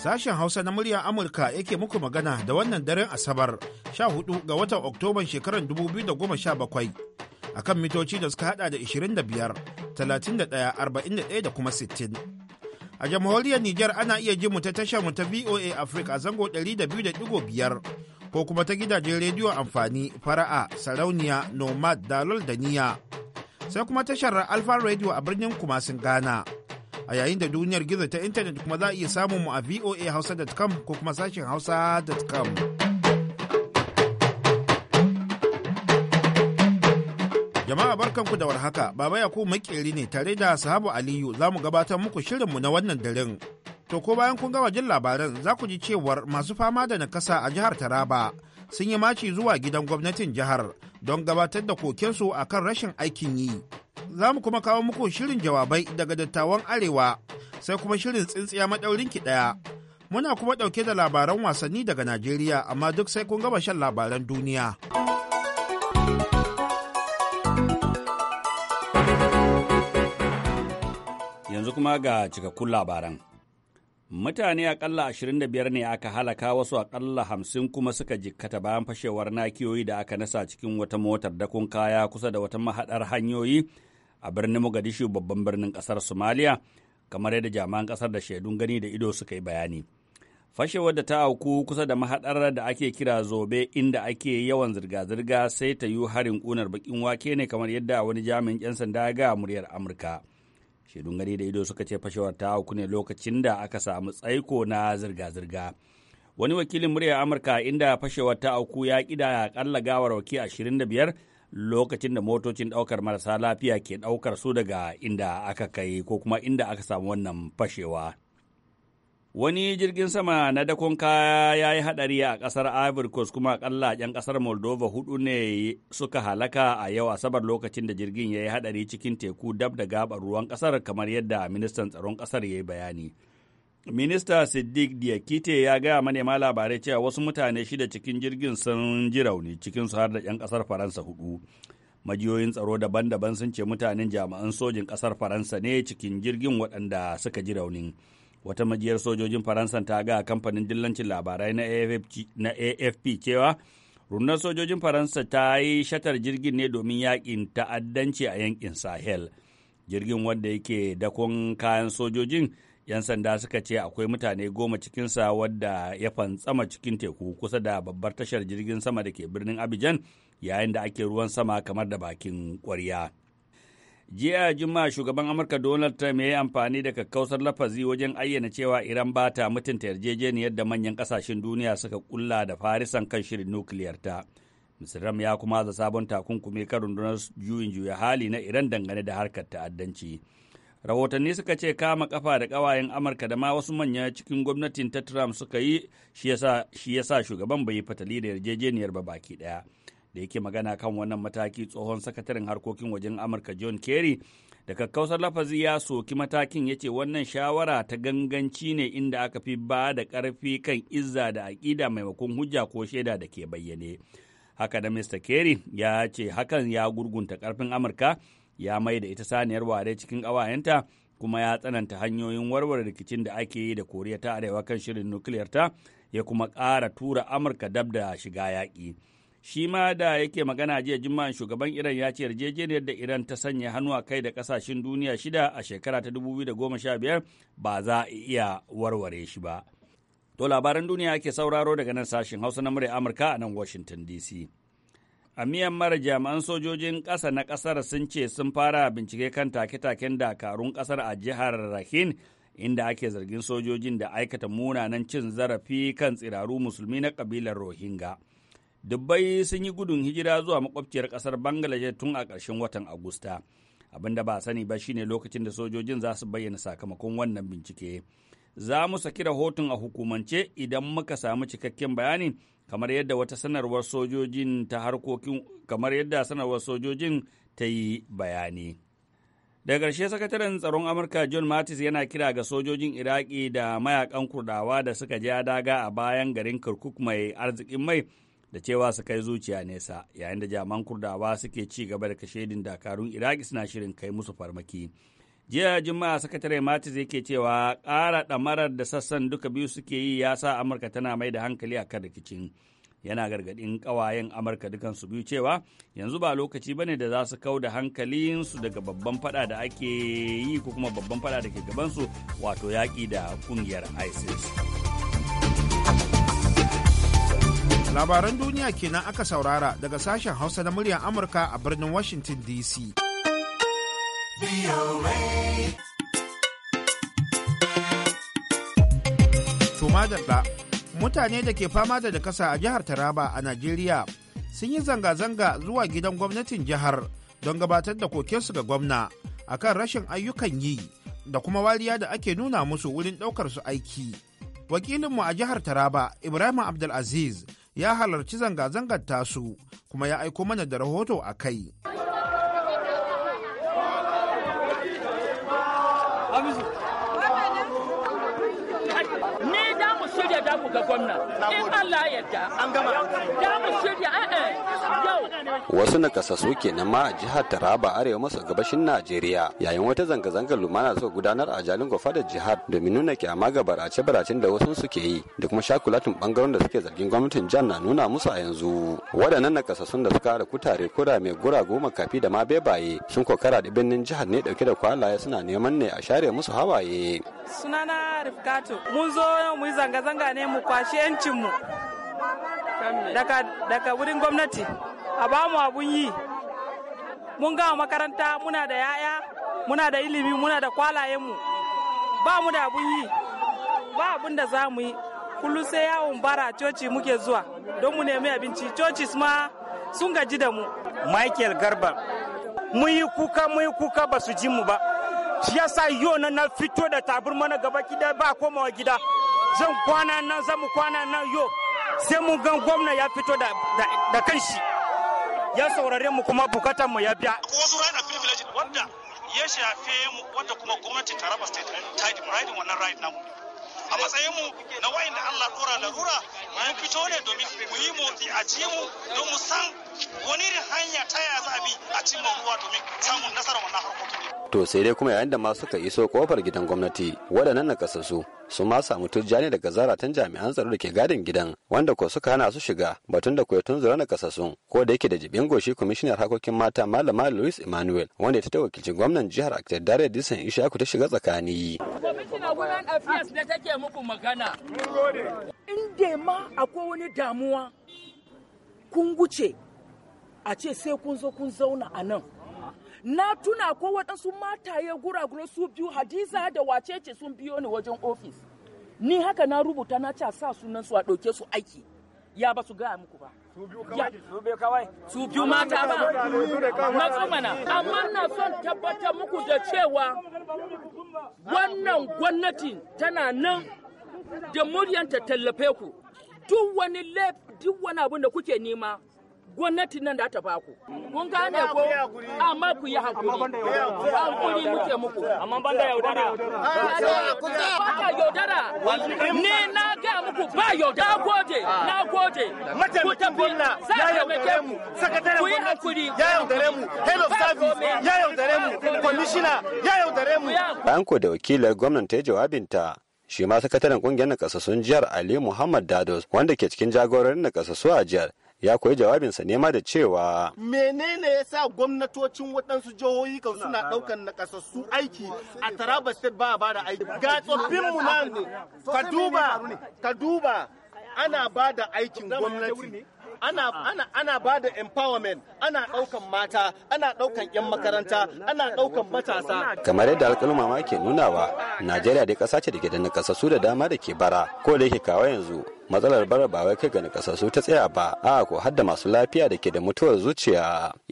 Sashen Hausa na muryar Amurka yake muku magana da wannan daren Asabar 14 ga watan Oktoban shekarar 2017 akan mitoci da suka hada da 25, 31, 41 da kuma 60. A jamhuriyar Nijar ana iya ji mu ta tashar mu ta VOA Africa a zango 200.5 ko kuma ta gidajen rediyo amfani fara'a sarauniya nomad dalol da niya sai kuma tashar alfa radio a birnin kumasin ghana a yayin da duniyar gizo ta intanet kuma za a iya samun mu a voa hausa.com ko kuma sashen hausa.com. Jama'a barkanku da warhaka, Baba Yakubu makeri ne tare da Sahabu Aliyu za mu gabatar muku shirinmu na wannan daren. To ko bayan kun gama jin labaran za ku ji cewar masu fama da nakasa a jihar Taraba sun yi maci zuwa gidan gwamnatin jihar don gabatar da kokensu a kan rashin aikin yi. za mu kuma kawo muku shirin jawabai daga dattawan arewa sai kuma shirin tsintsiya maɗaurin ki ɗaya. Muna kuma ɗauke da labaran wasanni daga Najeriya amma duk sai kun gaba shan labaran duniya. Yanzu kuma ga cikakkun labaran. Mutane akalla ashirin da biyar ne aka halaka wasu akalla hamsin kuma suka jikkata bayan fashewar nakiyoyi da aka nasa cikin wata motar dakon kaya kusa da wata mahaɗar hanyoyi a birnin Mogadishu babban birnin ƙasar Somalia kamar yadda jami'an kasar da shaidun gani da ido suka yi bayani. Fashewar da ta auku kusa da mahaɗar da ake kira zobe inda ake yawan zirga-zirga sai ta yi harin ƙunar bakin wake ne kamar yadda wani jami'in 'yan sanda ga muryar Amurka. Shaidun gani da ido suka ce fashewar ta auku ne lokacin da aka samu tsaiko na zirga-zirga. Wani wakilin muryar Amurka inda fashewar ta auku ya ƙida ƙalla gawarwaki 25 lokacin da motocin ɗaukar marasa lafiya ke ɗaukar su daga inda aka kai ko kuma inda aka samu wannan fashewa. Wani jirgin sama na dakon kaya ya yi haɗari a ƙasar Ivory Coast kuma akalla ƙasar Moldova hudu ne suka halaka a yau Asabar lokacin da jirgin ya yi haɗari cikin teku dab da gabar ruwan ƙasar kamar yadda ministan tsaron ƙasar ya yi bayani. Minista Siddiq Diakite ya gaya manema labarai cewa wasu mutane shida cikin jirgin sun ji rauni cikin su har da 'yan ƙasar Faransa hudu. Majiyoyin tsaro daban-daban sun ce mutanen jami'an sojin ƙasar Faransa ne cikin jirgin waɗanda suka ji raunin. Wata majiyar sojojin Faransa ta ga kamfanin dillancin labarai na AFP cewa rundunar sojojin Faransa ta yi shatar jirgin ne domin yakin ta'addanci a yankin Sahel. Jirgin wanda yake dakon kayan sojojin 'Yan sanda suka ce akwai mutane goma cikinsa wadda ya fantsama cikin teku kusa da babbar tashar jirgin sama da ke birnin abijan yayin da ake ruwan sama kamar da bakin kwarya. Jiya Juma'a shugaban Amurka Donald Trump ya yi amfani da kakkausar lafazi wajen ayyana cewa Iran ba ta mutunta yarjejeniyar da manyan kasashen duniya suka kulla da farisan kan shirin nukiliyar ta. Mr. ya kuma za sabon takunkumi kan rundunar juyin juya hali na Iran dangane da harkar ta'addanci. rahotanni suka ce kama kafa da ƙawayen amurka da ma wasu manya cikin gwamnatin ta trump suka yi shi ya sa shugaban bai yi fatali da yarjejeniyar ba baki ɗaya da yake magana kan wannan mataki tsohon sakataren harkokin wajen amurka john kerry da kakkausar lafazi ya soki matakin ya ce wannan shawara ta ganganci ne inda aka fi ba da ƙarfi kan izza da aƙida maimakon hujja ko shaida da ke bayyane haka da mr kerry ya ce hakan ya gurgunta ƙarfin amurka ya mai da ita saniyar ware cikin ƙawayenta kuma ya tsananta hanyoyin warware rikicin da ake yi da koriya ta arewa kan shirin nukiliyar ta ya kuma ƙara tura amurka dab da shiga yaƙi shi ma da yake magana jiya juma'a shugaban iran ya ce yarjejeniyar da iran ta sanya hannu a kai da kasashen duniya shida a shekara ta 2015 ba za a iya warware shi ba to labaran duniya ake sauraro daga nan sashen hausa na murya amurka a nan washington dc A Myanmar jami'an sojojin ƙasa na ƙasar sun ce sun fara bincike kan take-taken dakarun ƙasar a jihar Rakhine inda ake zargin sojojin da aikata munanan cin zarafi kan tsiraru musulmi na ƙabilar Rohingya. Dubbai sun yi gudun hijira zuwa makwabciyar ƙasar Bangladesh tun a ƙarshen watan Agusta. Abin da ba sani ba shine lokacin da sojojin za su bayyana sakamakon wannan bincike. za mu saki rahoton a hukumance idan muka samu cikakken bayani kamar yadda wata sanarwar sojojin ta harkokin kamar yadda sanarwar sojojin ta yi bayani. Da ƙarshe sakataren tsaron Amurka John Mattis yana kira ga sojojin Iraki da mayakan Kurdawa da suka ja daga a bayan garin Kirkuk mai arzikin mai da cewa su kai zuciya nesa yayin da jaman Kurdawa suke ci gaba da kashe dakarun Iraki suna shirin kai musu farmaki. jiya juma'a sakatare matis yake cewa ƙara ɗamarar da sassan duka biyu suke yi ya sa amurka tana mai da hankali a kan rikicin yana gargaɗin ƙawayen amurka dukansu biyu cewa yanzu ba lokaci bane da za su kau da hankalinsu daga babban fada da ake yi ko kuma babban fada da ke gabansu wato yaƙi da ƙungiyar isis labaran duniya kenan aka saurara daga sashen hausa na muryar amurka a birnin washington dc Tumadalla mutane da ke fama da dakasa a jihar Taraba a Najeriya sun yi zanga-zanga zuwa gidan gwamnatin jihar don gabatar da kokensu ga gwamna akan rashin ayyukan yi da kuma wariya da ake nuna musu wurin ɗaukar su aiki. Wakilinmu a jihar Taraba Ibrahim Abdulaziz ya halarci zanga-zangar tasu kuma ya aiko mana da rahoto a kai. ga gwamna in Allah wasu nakasassu kenan ma a jihar Taraba arewa maso gabashin Najeriya yayin wata zanga-zangar lumana suka gudanar a jalin fadar jihar domin nuna kyama ga barace-baracen da wasu suke yi da kuma shakulatin bangaren da suke zargin gwamnatin jihar na nuna musu a yanzu waɗannan nakasassun da suka hada kutare kura mai gura goma kafi da ma bebaye sun kokara da birnin jihar ne dauke da kwalaye suna neman ne a share musu hawaye sunana rifkatu mun zo yau mu yi zanga-zanga ne mu kwashi 'yancinmu daga wurin gwamnati a ba mu abun yi mun gama makaranta muna da yaya muna da ilimi muna da kwalayenmu ba mu da abun yi ba abun da za mu yi kullum sai yawon bara coci muke zuwa don mu nemi abinci coci ma sun gaji da mu michael garba mun yi kuka mun yi kuka ba su ji mu ba shi yasa yau nan na fito da taburma mana gaba gida ba komawa gida zan kwana nan zan mu kwana nan yau sai mun gan gwamna ya fito da da kanshi ya saurare mu kuma bukatar mu ya biya wasu rana privilege wanda ya shafe mu wanda kuma gwamnati taraba state eh, ta wannan right namu a matsayinmu na wayanda Allah dora larura mun fito ne domin mu yi motsi a ji mu don mu san wani hanya ta ya za a bi a cimma ruwa domin samun nasarar wannan harkokin to sai dai kuma yayin da ma suka iso kofar gidan gwamnati waɗannan nakasassu su ma samu turjani daga zaratan jami'an tsaro da ke gadin gidan wanda ko suka hana su shiga batun da koyo tunzura na kasassun ko da yake da jibin goshi kwamishinar harkokin mata malama louis emmanuel wanda ta wakilci gwamnan jihar Dare disan ishaku ta shiga tsakani International Affairs da take muku magana. In ma akwai wani damuwa kun wuce a ce sai kun zo kun zauna a nan. Na tuna ko waɗansu mataye guraguro su biyu Hadiza da wacece sun biyo ni wajen ofis. Ni haka na rubuta na ce sa sunan su a ɗauke su aiki. Ya ba su gaya muku ba. su biyu kawai su biyu mata ba matsu mana amma na son tabbatar muku da cewa wannan gwamnatin tana nan da muryanta tallafe ku duk duk wani abin da kuke nema gwamnatin nan da ta baku kun gane ko amma ku yi hakuri hakuri muke muku amma ban da yaudara ba yaudara ne na ga muku ba yaudara na gode na gode ku tafi ya yaudare mu sakataren gwamnati ya yaudare mu head of service ya yaudare mu commissioner ya yaudare mu bayan ko da wakilar gwamnati ta yi jawabinta shi ma sakataren kungiyar nakasassun jihar ali muhammad dados wanda ke cikin jagororin nakasassu a jihar ya koyi jawabinsa nema da cewa menene ya sa gwamnatocin waɗansu jihohi kan suna ɗaukan ƙasassu aiki a taraba state ba ba da aiki ga tsoffinmu ne. ka duba ka duba ana ba da aikin gwamnati ana, ah. ana, ana ba da empowerment ana ɗaukan mata ana ɗaukan 'yan makaranta ana ɗaukan matasa kamar yadda alƙaluma ma ke nunawa najeriya dai ƙasa ce da ke da nakasassu da dama da ke bara ko da yake kawo yanzu matsalar bara ba wai kai ga nakasassu ta tsaya ba a ko har da masu lafiya da ke da mutuwar zuciya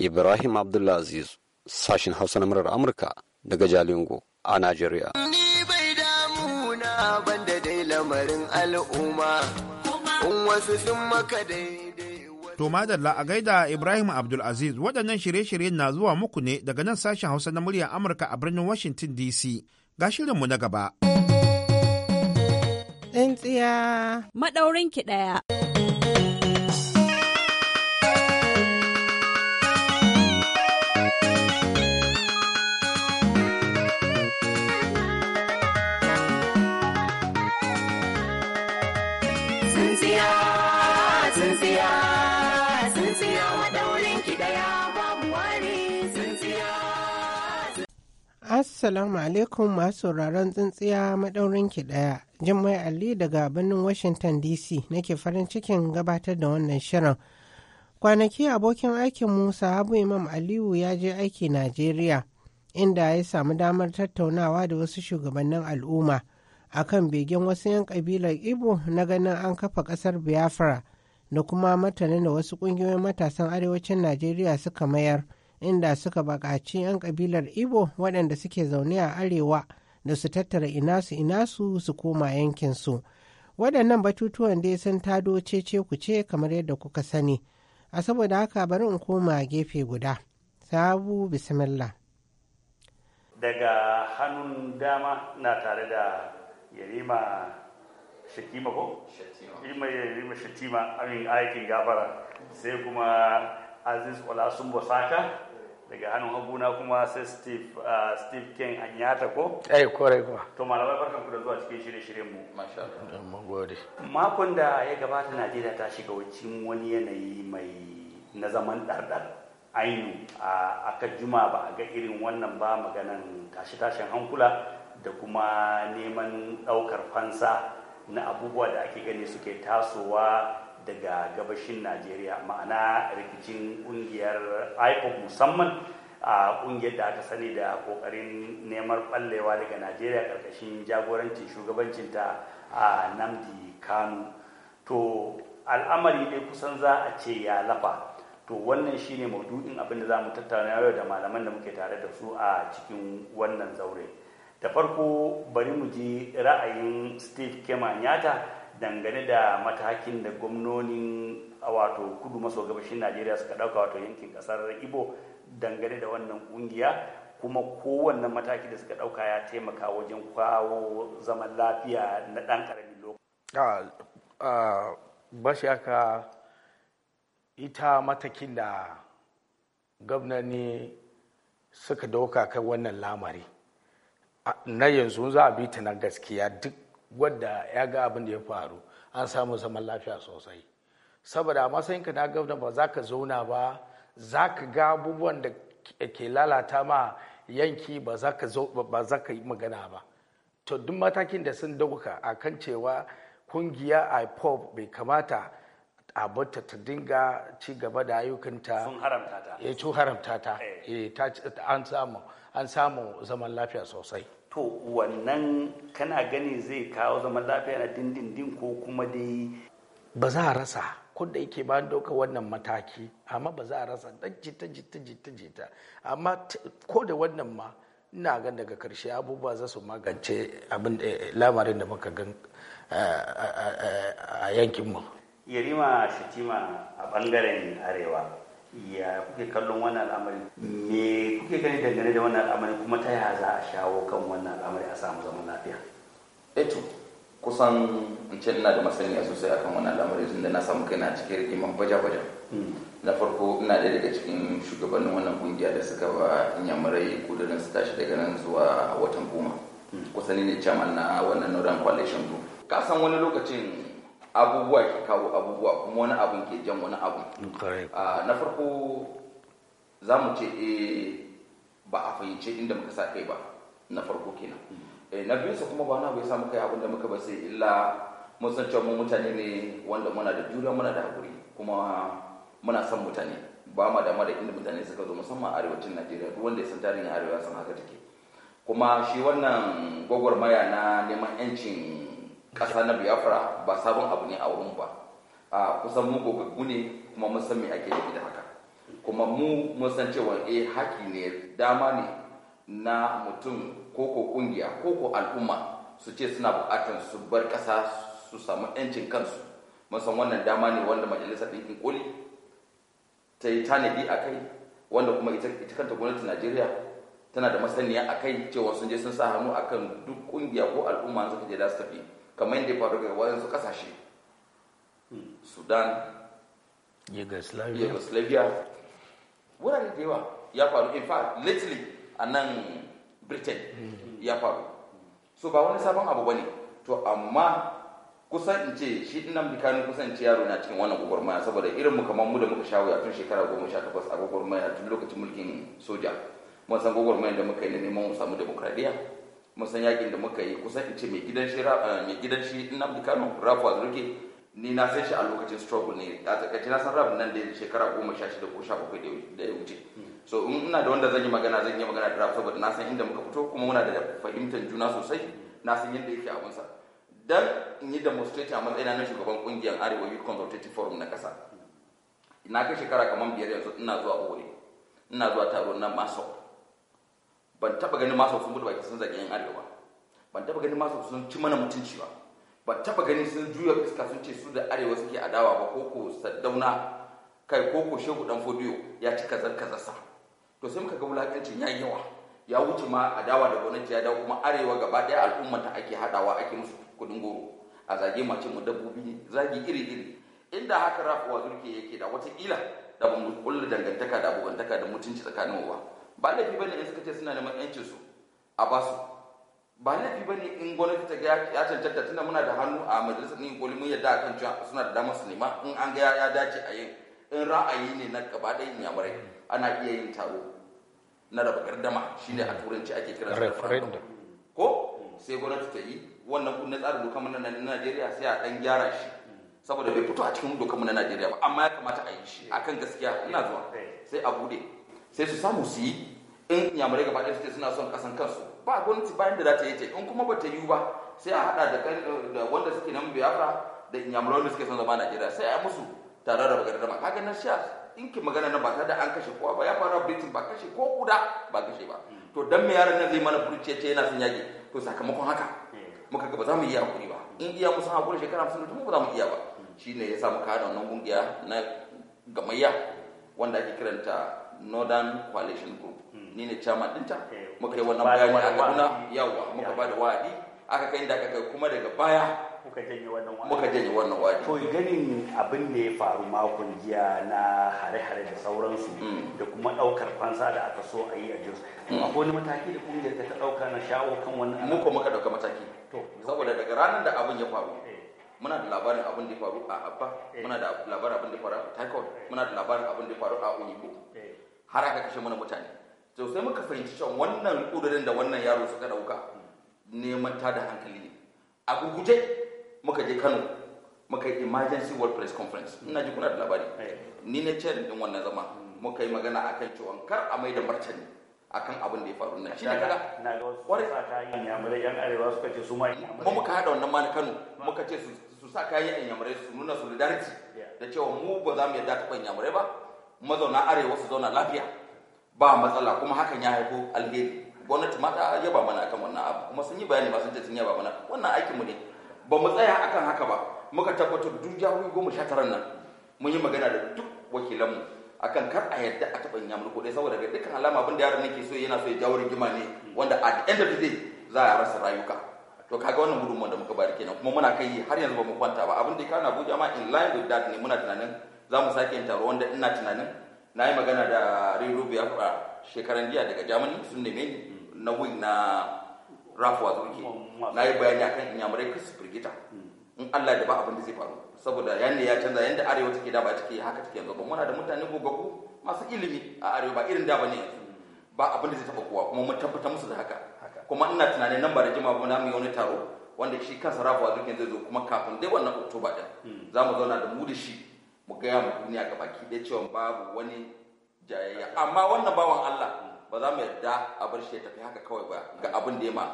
ibrahim abdulaziz sashin hausa na murar amurka daga jalingo a najeriya ni bai damu na banda sun maka daidai to madalla a gaida ibrahim abdulaziz waɗannan shirye shiryen na zuwa muku ne daga nan sashen hausa na muryar amurka a birnin washington dc ga shirinmu na gaba. tsintsiya tsiya. Maɗaurin ki ɗaya. Assalamu alaikum masu sauraron tsintsiya maɗaurin ki ɗaya. Jummai Ali daga birnin Washington DC nake farin cikin gabatar da wannan shirin. Kwanaki abokin aikin Musa Habu Imam Aliyu ya je aiki Najeriya inda ya samu damar tattaunawa da wasu shugabannin al'umma a kan begen wasu 'yan kabilar Igbo na ganin an kafa ƙasar Biafra da kuma martanin da wasu ƙungiyoyin matasan arewacin Najeriya suka mayar. inda suka bakaci 'yan kabilar ibo waɗanda suke zaune a arewa da su tattara inasu inasu su koma yankinsu. Waɗannan batutuwan dai sun tado cece kuce kamar yadda kuka sani. A saboda haka bari in koma gefe guda. Sabu bismillah. Daga hannun dama na tare da yarima shatima ko? Shatima. Yarima shatima amin aikin gafara sai kuma Aziz Olasun Bosaka. daga hannun haguna kuma sai steve ah, steve ken ta ko eh kore kuma to malamai barkan ku da zuwa cikin shirye-shiryen mu masha Allah gode makon da ya gabata Najeriya ta shiga wacin wani yanayi mai na zaman dardar ainu a aka juma ba a ga irin wannan ba maganan tashi tashin hankula da kuma neman ɗaukar fansa na abubuwa da ake gani suke tasowa daga gabashin najeriya ma'ana rikicin ƙungiyar ipoc musamman a ƙungiyar da aka sani da ƙoƙarin neman ɓallewa daga najeriya ƙarƙashin jagorancin shugabancinta a namdi kanu to al'amari dai kusan za a ce ya lafa to wannan shine maudu'in abin da za mu tattauna yau da malaman da muke tare da su a cikin wannan zaure da farko bari mu ji ra'ayin steve kemanyata dangane da matakin da gwamnonin wato kudu maso gabashin najeriya suka ɗauka wato yankin ƙasar ibo dangane da wannan ƙungiya kuma kowanne mataki da suka ɗauka ya taimaka wajen kawo zaman lafiya na ɗan ƙaramin lokaci. aka ita matakin da gwamnani suka ɗauka kan wannan lamari na yanzu za a bi ta na gaskiya duk wadda ya ga abin da ya faru an samu zaman lafiya sosai saboda a ka na gwamna ba za ka zauna ba za ka ga abubuwan da ke lalata ma yanki ba za ka yi magana ba to duk matakin da sun dauka a kan cewa kungiya pop bai kamata a bata ta dinga ci gaba da ayyukanta sun haramta ta ya eh, haramta ta eh. Eh, an samu zaman lafiya sosai to wannan kana gani zai kawo zaman lafiya na dindindin ko kuma dai ba za a rasa kudda yake ba doka wannan mataki amma ba za a rasa dan jita jita jita jita amma ko da wannan ma ina gan daga karshe abubuwa za su magance abin lamarin da muka gan eh, eh, eh, a yankinmu yarima shitima a bangaren arewa ya kuke kallon wannan al'amari me kuke gani dangane da wannan al'amari kuma ta yaya za a shawo kan wannan al'amari a samu zaman lafiya eto eh kusan in ce ina da masaniya sosai akan wannan al'amari tun da na samu kai na cikin rigiman baja-baja hmm. na farko ina ɗaya daga cikin shugabannin wannan kungiya da suka ba inyamurai kudurin su tashi daga nan zuwa watan goma hmm. kusan ne chairman na wannan northern coalition group ka san wani lokacin abubuwa ke kawo abubuwa kuma wani abun ke jan wani abu ah, na farko za mu ce eh, ba a fahimce inda muka sa kai ba na farko kenan mm. eh, na biyu su kuma ba na bai samu kai abin da muka ba sai illa mun san cewa mu mutane ne wanda muna da juriya muna da haƙuri kuma muna son mutane ba ma da da inda mutane suka zo musamman arewacin najeriya duk wanda ya san tarihin arewa san haka take kuma shi wannan gwagwarmaya na neman 'yancin ƙasa na biafra ba sabon abu ne a wurin ba a kusan mu gogaggu ne kuma mun san me ake nufi da haka kuma mu mun san cewa eh haƙi ne dama ne na mutum ko ko kungiya ko ko al'umma su ce suna buƙatar su bar ƙasa su samu 'yancin kansu mun san wannan dama ne wanda majalisar ɗinkin koli ta yi tanadi a kai wanda kuma ita kanta gwamnatin najeriya tana da masaniya a kai cewa sun je sun sa hannu akan duk ƙungiya ko al'umma suka je da su tafi kamar yadda faru ga waɗansu ƙasashe sudan yugoslavia wurare da yawa ya faru in fact lately a nan britain ya faru so ba wani sabon abu bane to amma kusan in ce shi dinan bikanin kusan ce yaro na cikin wannan gwagwarmaya saboda irin mu kamar mu da muka shawo a tun shekara goma sha takwas a gwagwarmaya tun lokacin mulkin soja mun san gwagwarmaya da muka yi na neman mu samu demokradiyya musan yakin da muka yi kusan in ce mai gidan shi eh, mai gidan shi Nnamdi Kano Rafu Azurke ni na san shi a lokacin struggle ne a takaice na san Rafu nan da shekara goma sha shida ko sha bakwai da ya wuce so in ina da wanda zan yi magana zan yi magana da Rafu saboda na san inda muka fito kuma muna da fahimtar juna sosai na san yadda yake abunsa dan in yi demonstrate a matsayina na shugaban kungiyar Arewa Youth Consultative Forum na kasa na kai shekara kamar biyar yanzu ina zuwa Owerri ina zuwa taron na Masop ban taba ganin masu sun bude baki sun zage yan arewa ban taba ganin masu sun ci mana mutunci ba ban taba ganin sun juya fuska sun ce su da arewa suke adawa ba ko ko saddauna kai ko ko shehu dan fodiyo ya ci kazar kazar sa. to sai muka ga wulakancin ya yawa ya wuce ma adawa da gwamnati ya dawo kuma arewa gaba daya ta ake hadawa ake musu kudin goro a zage mace mu dabbobi ne zagi iri iri inda haka rafuwa zurke yake da wata ila da ban kullu dangantaka da abubantaka da mutunci tsakanin wa ba laifi bane in suka ce suna neman yancin su a su ba laifi bane in gwamnati ta ga ya cancanta tunda muna da hannu a majalisar ne koli mun yadda kan cewa suna da damar su nema in an ga ya dace a yi in ra'ayi ne na gaba ɗayan yamurai ana iya yin taro na raba gardama shine a turanci ake kira referendum ko sai gwamnati ta yi wannan kun na tsarin dokar na Najeriya sai a dan gyara shi saboda bai fito a cikin dokar na Najeriya ba amma ya kamata a yi shi akan gaskiya ina zuwa eh. sai a bude sai su samu su yi in yamurai gaba ɗaya suke suna son ƙasan kansu ba gwamnati bayan da za ta yi ce in kuma ba ta yi ba sai a haɗa da wanda suke nan biyafra da inyamurai wanda suke son zama najeriya sai a musu tare da magana dama kaga na sha in ki magana nan ba tare da an kashe kowa ba ya fara britain ba kashe ko kuda ba kashe ba to dan me yaran nan zai mana furce ce yana son yaƙi to sakamakon haka muka ga ba za mu iya hakuri ba in iya musu hakuri shekara hamsin da ba za mu iya ba shine ya samu muka haɗa wannan kungiya na gamayya wanda ake kiranta northern coalition group hmm. ni ne chairman dinta eh, muka yi wannan bayani a kaduna yawa muka ba da wa'adi aka kai da aka kai kuma daga baya muka janye wannan wa'adi muka janye wannan wa'adi to ganin abin da ya faru makon jiya na hare-hare da sauransu hmm. da kuma daukar fansa da aka so a yi a jos hmm. akwai wani mataki da kungiyar ta dauka na shawo kan wannan muka ko muka dauka mataki to saboda daga ranar da abin ya faru eh. muna da labarin abin da ya faru a abba eh. muna da labarin abin da ya faru a taikon muna da labarin abin da ya faru a unibo har aka kashe mana mutane to sai muka fahimci cewa wannan ƙudurin da wannan yaro suka ɗauka neman da hankali ne a guguje muka je kano muka yi emergency world press conference ina ji kuna da labari eh. ni na ce din wannan zama muka yi magana akan cewa kar a mai da martani akan abin da ya faru nan shi ne kada wani yan arewa suka ce su ma mu muka hada wannan ma na kano muka ce su sa kayan yamurai su nuna solidarity da cewa mu ba za mu yarda ta ban yamurai ba mazauna arewa su zauna lafiya ba matsala kuma hakan ya haifo alheri gwamnati ma ta yaba mana akan wannan abu kuma sun yi bayani ba sun ce sun yaba mana wannan aikin mu ne ba mu tsaya akan haka ba muka tabbatar duk jahohi goma sha tara nan mun yi magana da duk wakilan mu akan kar a yadda a taɓa yamur dai saboda ga dukkan alama abin da yaron nake so yana so ya jawo rigima ne wanda a the end of za a rasa rayuka to kaga wannan gudunmuwan da muka bari kenan kuma muna kai har yanzu ba mu kwanta ba abin da ya kawo Abuja ma in line with that ne muna tunanin za mu sake taro wanda ina tunanin na yi magana da ya biafra shekaran jiya daga germany sun neme ni na wing na rafuwa zurki na yi bayani akan inyamurai kristi firgita in allah da ba abin da zai faru saboda yanda ya canza yanda arewa take da ba take haka take yanzu muna da mutane gogaggu masu ilimi a arewa ba irin da ba ne ba abin da zai taba kowa kuma mun tabbata musu da haka kuma ina tunanin nan ba da jima ba mu yi wani taro wanda shi kansa rafuwa zurkin zai zo kuma kafin dai wannan oktoba din hmm. za mu zauna da mu da shi mu gaya mu duniya ga baki ɗaya cewa babu wani jayayya amma wannan bawan Allah ba za mu yarda a bar shi ya tafi haka kawai ba ga abin da ya ma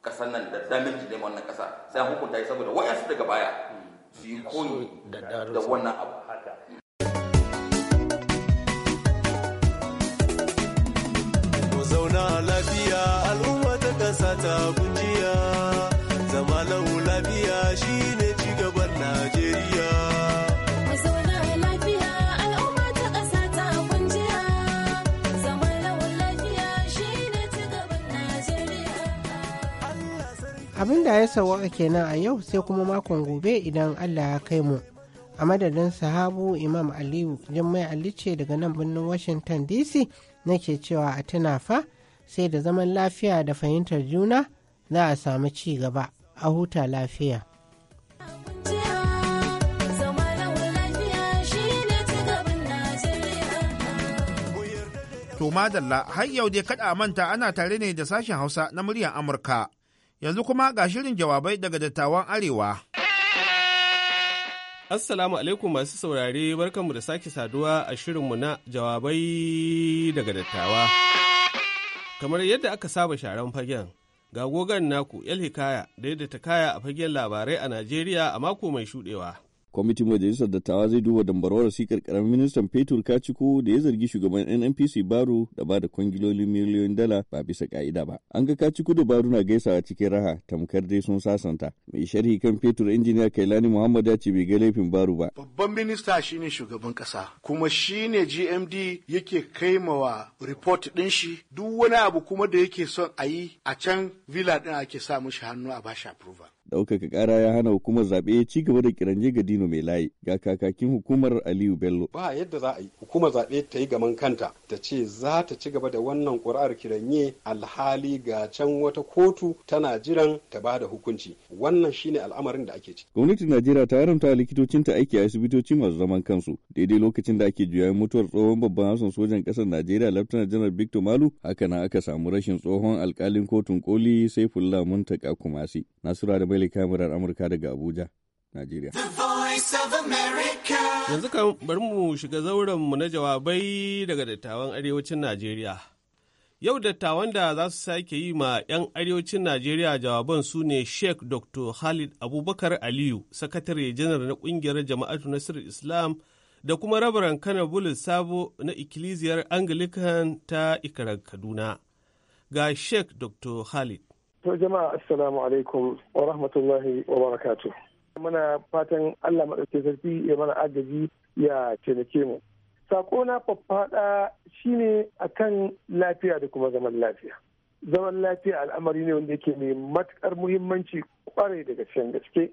kasan nan da damage ne wannan kasa sai hukunta yi saboda wayansu daga baya su yi koyi da wannan abu abin da ya a kenan a yau sai kuma makon gobe idan allah ya kai mu a madadin sahabu imam aliyu jummai ali ce daga nan birnin washington dc nake cewa a tuna fa sai da zaman lafiya da fahimtar juna za a samu ci gaba a huta lafiya To madalla har yau dai kada a manta ana tare ne da sashen Hausa na muryar Amurka Yanzu kuma ga shirin jawabai daga dattawan Arewa. Assalamu alaikum masu saurare barkanmu da sake saduwa a shirinmu na jawabai daga dattawa. Kamar yadda aka saba sharan fagen, ga gogan naku 'yal Hikaya da yadda ta kaya a fagen labarai a Najeriya a mako mai shuɗewa. kwamitin majalisar dattawa zai duba dambarwar sikar karamin ministan fetur kaciko da ya zargi shugaban nnpc baro da ba da kwangilolin miliyoyin dala ba bisa ka'ida ba an ga kaciko da baro na gaisawa cikin raha tamkar dai sun sasanta mai sharhi kan fetur injiniya kailani muhammad ya ce bai ga laifin baro ba babban minista shine shugaban kasa kuma shi ne gmd yake kaimawa report din shi duk wani abu kuma da yake son a yi a can villa din ake sa mishi hannu a ba bashi approval ɗaukaka kara ya hana hukumar zaɓe ci gaba da kiranje ga dino mai layi ga kakakin hukumar aliyu bello ba yadda za a yi hukumar zaɓe ta yi gaman kanta ta ce za ta ci gaba da wannan ƙuri'ar kiranye alhali ga can wata kotu tana jiran ta ba da hukunci wannan shine al'amarin da ake ci gwamnatin najeriya ta haramta likitocinta aiki a asibitoci masu zaman kansu daidai lokacin da ake juyayin mutuwar tsohon babban hasan sojan ƙasar najeriya laftanar janar victor malu haka na aka samu rashin tsohon alkalin kotun koli saifullah muntaka kumasi nasura da Bailey kamarar Amurka daga Abuja, Najeriya. Yanzu kan bari mu shiga zauren mu na jawabai daga dattawan arewacin Najeriya. Yau dattawan da za su sake yi ma 'yan arewacin Najeriya jawaban su ne Sheikh Dr. Khalid Abubakar Aliyu, sakatare janar na kungiyar Jama'atu Nasir Islam da kuma rabaran Kana Bulus Sabo na Ikkilisiyar Anglican ta Ikarar Kaduna. Ga Sheikh Dr. Khalid. To jama'a assalamu alaikum wa rahmatullahi wa barakatu. Muna fatan Allah maɗauke sarki ya mana agaji ya taimake mu. Sako na faffaɗa shine akan lafiya da kuma zaman lafiya. Zaman lafiya al'amari ne wanda yake mai matuƙar muhimmanci kwarai da gaske gaske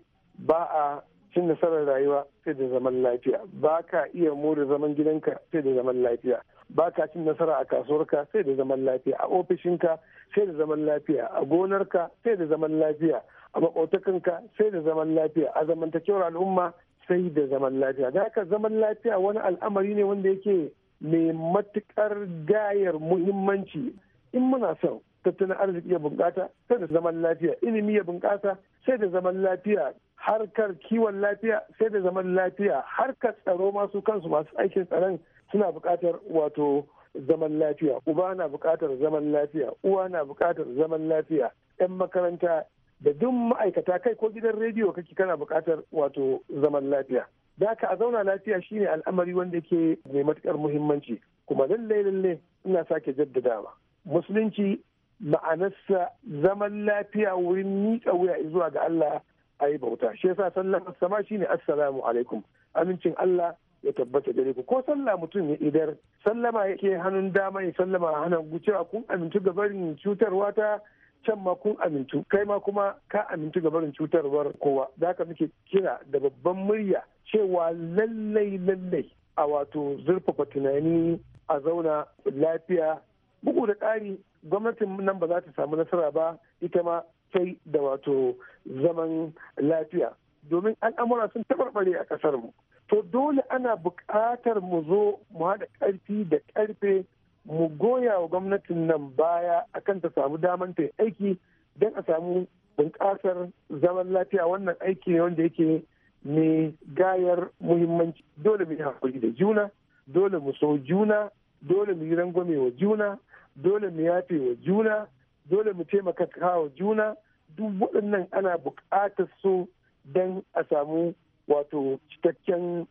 ba a cin nasarar rayuwa sai da zaman lafiya ba ka iya more zaman gidanka sai da zaman lafiya ba ka cin nasara a kasuwarka sai da zaman lafiya a ofishinka sai da zaman lafiya a gonarka sai da zaman lafiya a makotakanka sai da zaman lafiya a zamantakewar al'umma sai da zaman lafiya da haka zaman lafiya wani al'amari ne wanda yake mai matuƙar gayar muhimmanci in muna son tattalin arziki ya bunƙasa sai da zaman lafiya ilimi ya bunƙasa sai da zaman lafiya harkar kiwon lafiya sai da zaman lafiya harkar tsaro masu kansu masu aikin tsaron suna buƙatar wato zaman lafiya uba na buƙatar zaman lafiya uwa na buƙatar zaman lafiya 'yan makaranta da duk ma'aikata kai ko gidan rediyo kake kana buƙatar wato zaman lafiya da haka a zauna lafiya shine al'amari wanda ke mai matuƙar muhimmanci kuma lallai lallai ina sake jaddadawa musulunci ma'anarsa zaman lafiya wurin miƙa wuya zuwa ga Allah a yi bauta shi yasa sallar sama shine assalamu alaikum amincin Allah ya tabbata gare ku ko sallah mutum ya idar sallama yake hannun dama ya sallama a hannun gucewa kun amintu gabarin cutarwa ta can ma kun amintu kai ma kuma ka amintu gabarin cutarwar kowa da haka muke kira da babban murya cewa lallai lallai a wato zurfafa tunani a zauna lafiya bugu da ƙari gwamnatin nan ba za ta samu nasara ba ita ma sai da wato zaman lafiya domin al'amura sun tabarbare a ƙasar mu to dole ana buƙatar mu zo mu haɗa ƙarfi da ƙarfe mu goya wa gwamnatin nan baya akan ta samu damar ta aiki don a samu bunƙasar zaman lafiya wannan aiki ne wanda yake mai gayar muhimmanci dole mu yi hakuri da juna dole mu so juna dole mu yi rangwame wa juna dole mu yafe wa juna dole mu taimaka wa juna duk waɗannan ana buƙatar su don a samu wato cikakken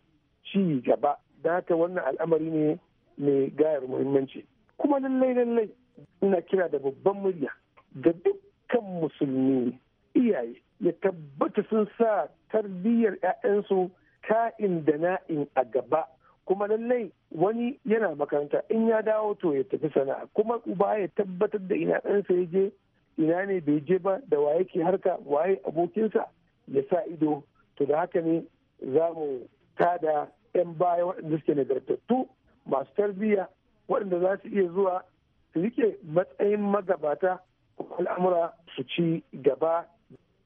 ci gaba da haka wannan al'amari ne mai gayar muhimmanci kuma lallai lallai ina kira da babban murya ga dukkan musulmi iyaye ya tabbata sun sa tarbiyyar 'ya'yansu ka'in da na'in a gaba kuma lallai wani yana makaranta in ya dawo to ya tafi sana'a kuma uba ya tabbatar da ina ɗansa ya je ina ne bai je ba da waye ke harka waye abokinsa ya sa ido to da haka ne za mu tada 'yan baya waɗanda suke nagartattu masu tarbiyya waɗanda za su iya zuwa su rike matsayin magabata ko al'amura su ci gaba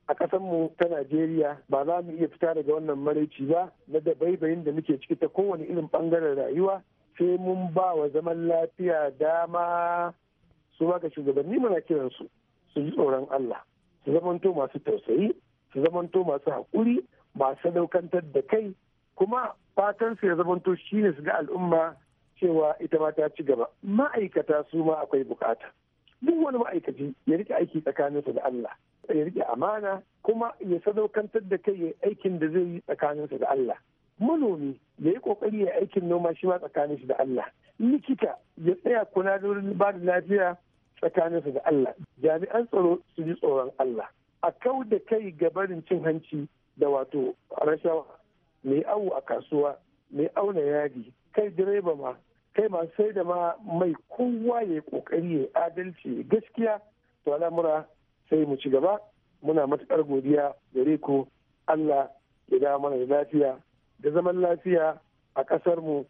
a mu ta Najeriya ba za mu iya fita daga wannan maraici ba na dabaibayin da muke ciki ta kowane irin ɓangaren rayuwa sai mun ba wa zaman lafiya dama su ba ga shugabanni muna kiransu su ji tsoron Allah su zamanto masu tausayi su zamanto masu haƙuri masu sadaukantar da kai kuma fatan su ya zamanto shi ne su ga al'umma cewa ita ma ta ci gaba ma'aikata su ma akwai bukata duk wani ma'aikaci ya rike aiki tsakaninsa da Allah ya rike amana kuma ya sadaukantar da kai ya aikin da zai yi tsakaninsa da Allah manomi ya yi kokari ya aikin noma shi ma tsakanin da Allah likita ya tsaya kuna da wurin ba da lafiya tsakaninsa da Allah jami'an tsaro su ji tsoron Allah a kau da kai gabarin cin hanci da wato rashawa mai awu a kasuwa mai auna yadi kai direba ma kai ma sai da ma mai kowa ya kokari ya adalci gaskiya to al'amura sai mu ci gaba muna matukar godiya gare ku Allah ya da mana da lafiya da zaman lafiya a kasar mu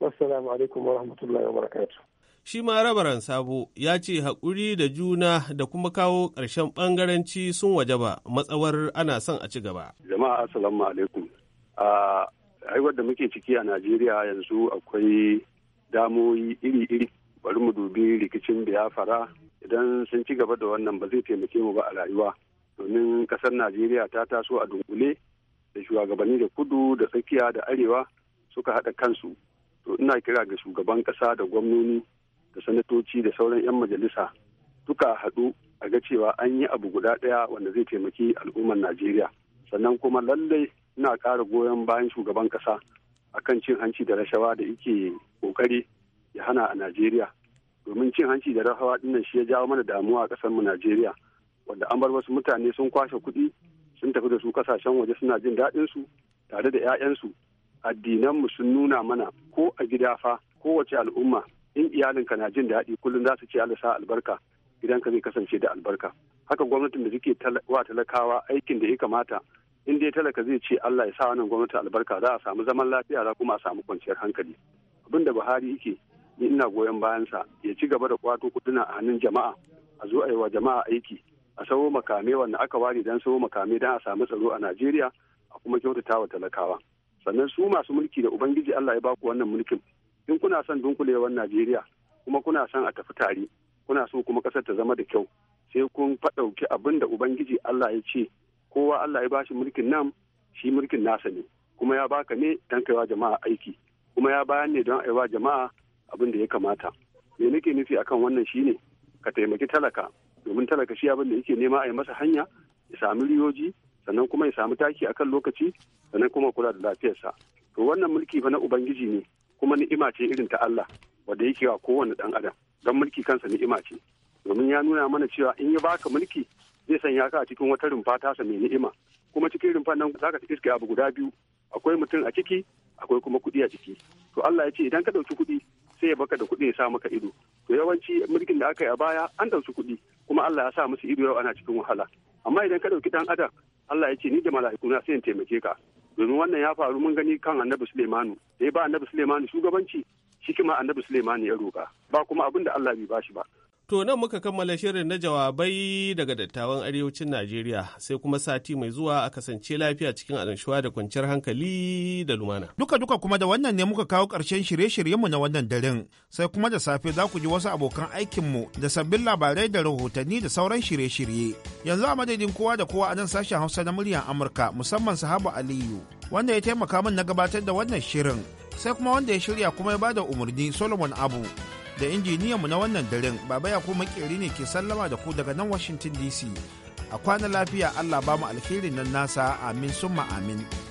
wassalamu alaikum warahmatullahi wabarakatuh shi ma rabaran sabo ya ce haƙuri da juna da kuma kawo ƙarshen ɓangaranci sun waje ba matsawar ana son a ci gaba. Jama'a assalamu alaikum. A aiwar da muke ciki a Najeriya yanzu akwai damoyi iri-iri bari mu dubi rikicin biyafara idan sun ci gaba da wannan ba zai taimake mu ba a rayuwa domin ƙasar Najeriya ta taso a dunkule da shugabanni da kudu da tsakiya da arewa suka haɗa kansu to ina kira ga shugaban ƙasa da gwamnoni da sanatoci da sauran 'yan majalisa duka haɗu a ga cewa an yi abu guda ɗaya wanda zai taimaki al'ummar najeriya sannan kuma lallai ina ƙara goyon bayan shugaban ƙasa a kan cin hanci da rashawa da yake ƙoƙari ya hana a najeriya domin cin hanci da rashawa ɗin shi ya jawo mana damuwa a ƙasar mu najeriya wanda an bar wasu mutane sun kwashe kuɗi sun tafi da su kasashen waje suna jin daɗin su tare da 'ya'yansu addinanmu sun nuna mana ko a gida fa kowace al'umma in iyalinka na jin daɗi kullum za su ce Allah sa albarka ka zai kasance da albarka haka gwamnatin da suke wa talakawa aikin da ya kamata in dai talaka zai ce Allah ya sa wannan gwamnati albarka za a samu zaman lafiya za kuma a samu kwanciyar hankali abin da Buhari yake ni ina goyon bayan sa ya ci gaba da kwato kuduna a hannun jama'a a zo a wa jama'a aiki a sawo makame wanda aka ware dan sawo makame dan a samu tsaro a Najeriya a kuma kyautata wa talakawa sannan su masu mulki da ubangiji Allah ya baku wannan mulkin in kuna son dunkulewar najeriya kuma kuna son a tafi tare kuna so kuma kasar ta zama da kyau sai kun faɗauki abin da ubangiji allah ya ce kowa allah ya ba shi mulkin nan shi mulkin nasa ne kuma ya baka ne don kaiwa jama'a aiki kuma ya bayan ne don aiwa jama'a abin da ya kamata me nake nufi akan wannan shine ka taimaki talaka domin talaka shi abin da yake nema a yi masa hanya ya sami riyoji sannan kuma ya sami taki akan lokaci sannan kuma kula da lafiyarsa to wannan mulki fa na ubangiji ne kuma ni'ima ce irin ta Allah wanda yake wa kowane dan adam don mulki kansa ni'ima ce domin ya nuna mana cewa in ya baka mulki zai sanya ka a cikin wata rumfa tasa mai ni'ima kuma cikin rumfan nan zaka iska abu guda biyu akwai mutum a ciki akwai kuma kuɗi a ciki to Allah ya ce idan ka dauki kuɗi sai ya baka da kuɗi ya sa maka ido to yawanci mulkin da aka yi a baya an ɗauki kuɗi kuma Allah ya sa musu ido yau ana cikin wahala amma idan ka ɗauki ɗan adam Allah ya ce ni da mala'iku na sai in taimake ka domin wannan ya faru mun gani kan annabi sulemanu da ya ba annabi sulemanu shugabanci shi kuma annabi sulemanu ya roƙa ba kuma abin da allah bai bashi ba To nan muka kammala shirin na jawabai daga dattawan arewacin Najeriya sai kuma sati mai zuwa a kasance lafiya cikin annashuwa da kwanciyar hankali da lumana. Duka duka kuma da wannan ne muka kawo ƙarshen shirye-shiryenmu na wannan daren sai kuma da safe za ku ji wasu abokan aikinmu da sabbin labarai da rahotanni da sauran shirye-shirye. Yanzu a madadin kowa da kowa a nan sashen Hausa na muryar Amurka musamman sahabu Aliyu wanda ya taimaka min na gabatar da wannan shirin sai kuma wanda ya shirya kuma ya bada umarni Solomon Abu. da mu na wannan daren baba ya kuma makeri ne ke sallama da ku daga nan washington dc a kwana lafiya allah ba mu alheri nan nasa amin summa amin